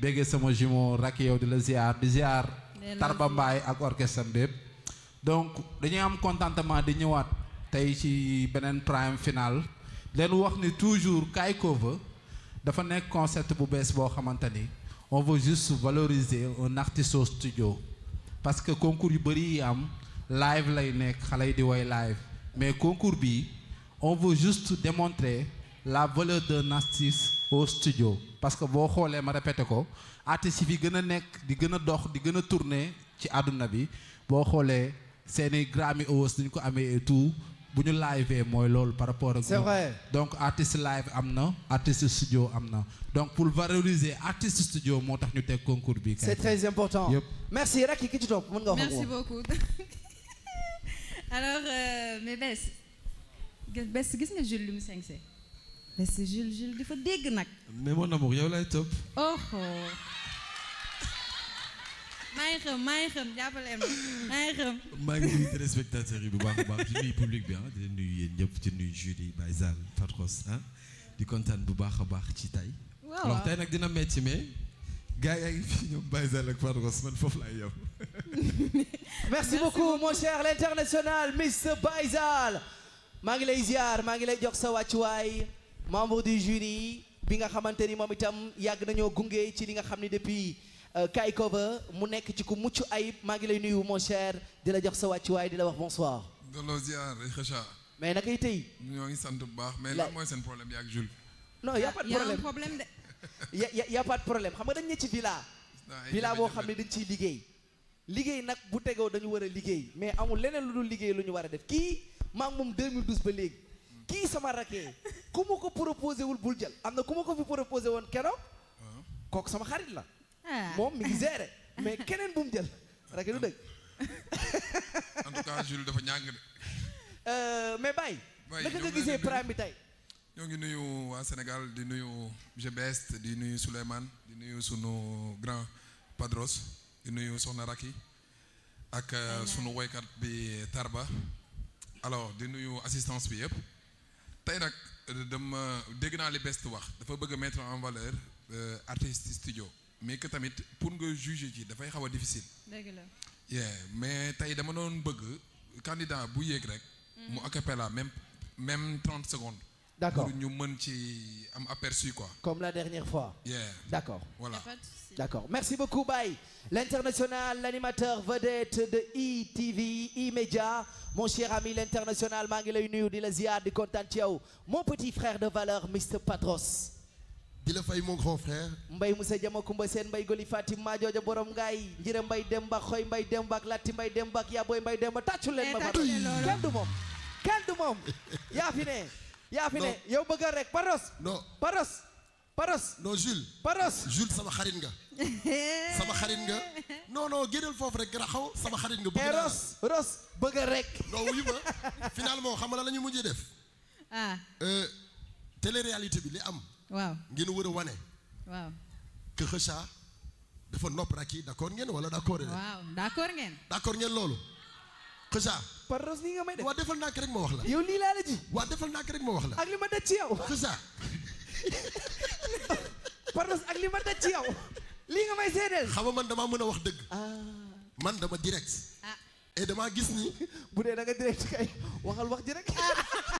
béggee sama jumeau rakk yow di la ziar di ziar Tarba Mbaay ak orchestre am bépp donc dañuy am contentement di ñëwaat tey ci beneen prime final leen wax ni toujours Kaay Cover dafa nekk concept bu bees boo xamante ni on veut juste valoriser un artiste au studio parce que concours yu bëri yi am live lay nekk xale yi di woy live mais concours bi on juste démontrer la valeur d'un artiste au studio parce que boo xoolee ma répété ko artistes yi fi gën a nekk di gën a dox di gën a tourner ci àdduna bi boo xoolee seeni Grammy Awards ni ñu ko amee et tout bu ñu live mooy loolu par rapport ak. c'est donc artiste live am na artiste studio am na donc pour valoriser artiste studio moo tax ñu teg concours bi. c'est très important yëpp. merci Racky ki ci topp mën nga wax. merci euh, gis nga Jules Lumu Sengse. laisse Jules Jules dafa dégg nag. mais mon amour yow lay topp. oh oh. maa ngi xam maa ngi xam jàppale ma maa ngi xam. maa ngi nuyu téléspectateurs yi bu baax a baax di nuyu public bi ah di nuyu yéen ñëpp di nuyu Julie Baye Zane Patros ah di kontaan bu baax a baax ci tay waaw alors tey nag dina métti mais. gars yaa ngi fi ñoom Baye Zane ak Patros man foofu laay yow. merci beaucoup mon cher l'international Mister Baye Zane maa ngi lay ziar maa ngi lay jox sa wàccuwaay. membre du jury bi nga xamante ni moom itam yàgg nañoo gunge ci li nga xam ni depuis euh, Kaay Cover mu nekk ci ku mucc ayib maa ngi lay nuyu mon cher di la jox sa wàcc wàccuwaay di la wax bonsoir. delloo ziar Kheucha. mais naka yi tey. ñoo ngi sant bu baax mais lan mooy seen problème yaa ak Jules. non y' a y' a problème xam nga dañ ne ci villa. villa boo xam ne dañ ciy liggéey. liggéey nag bu tegoo dañu war a liggéey mais amul leneen lu dul liggéey lu ñu war a def kii maa ngi moom 2012 ba léegi. kii sama rakee ku ma ko proposé wul bul jël am na ku ko fi proposé woon keroog kook sama xarit la ah. moom mi ngi géré mais keneen bu jël rake du dëgg en tout cas Jules dafa ñàng de euh, mais Baye naka nga gisee prime bi tey ñoo ngi nuyu waa Sénégal di nuyu GBS di nuyu Souleymane di nuyu sunu grand Padros di nuyu Soxna Raki ak euh, sunu woykat bi Tarba alors di nuyu assistance bi yëpp tey nag euh, dem dégg naa li best wax dafa bëgg a mettre en valeur euh, artiste studio mais que tamit pour nga juger ci dafay xaw a difficile. dëgg mais tey dama noon bëgg candidat bu yéeg rek. mu mm-hmm. acapella même même trente secondes. D'accord. Pour nous am aperçu quoi. Comme la dernière fois. Yeah. D'accord. Voilà. D'accord. Merci beaucoup Baye. L'international, l'animateur vedette de ITV e E-Media, mon cher ami l'international maa ngi lay nuyu di la ziar di kontaan ci yow. Mon petit frère de valeur Mr Patros. di la fay mon grand frère. mbay Moussa Diama Kumba Seen mbay Goli Fatim maa jooja borom ngaay njire mbay Demba xoy mbay Demba ak Lati mbay dembak ak Yaboy mbay dembak ya leen mbay eh, tàccu leen loolu kenn du moom yaa fi ne yow bëgg rek paros non paros paros non Jules paros Jules sama xarit nga sama xarit nga non non génnal foofu rek raxaw sama xarit nga bëgg eh, ros ros bëgg rek non wuyu ma moom xam nga la ñu mujjee def ah euh, télé-réalité bi li am waaw ngeen war a wane waaw que Kheucha dafa nopp raki d'accord ngeen wala d'accord ngeen waaw d'accord ngeen d'accord ngeen loolu xësa parros nii nga may def waa defal naa ko wax la yow lii laa la ji waa defal naa ko rek ma wax la ak li ma daj ci yow li ma daj ci yow lii nga may seedeel xam man damaa mën a wax dëgg ah. man dama direct ah. et damaa gis ni bu dee da nga direct kay waxal wax ji rek ah.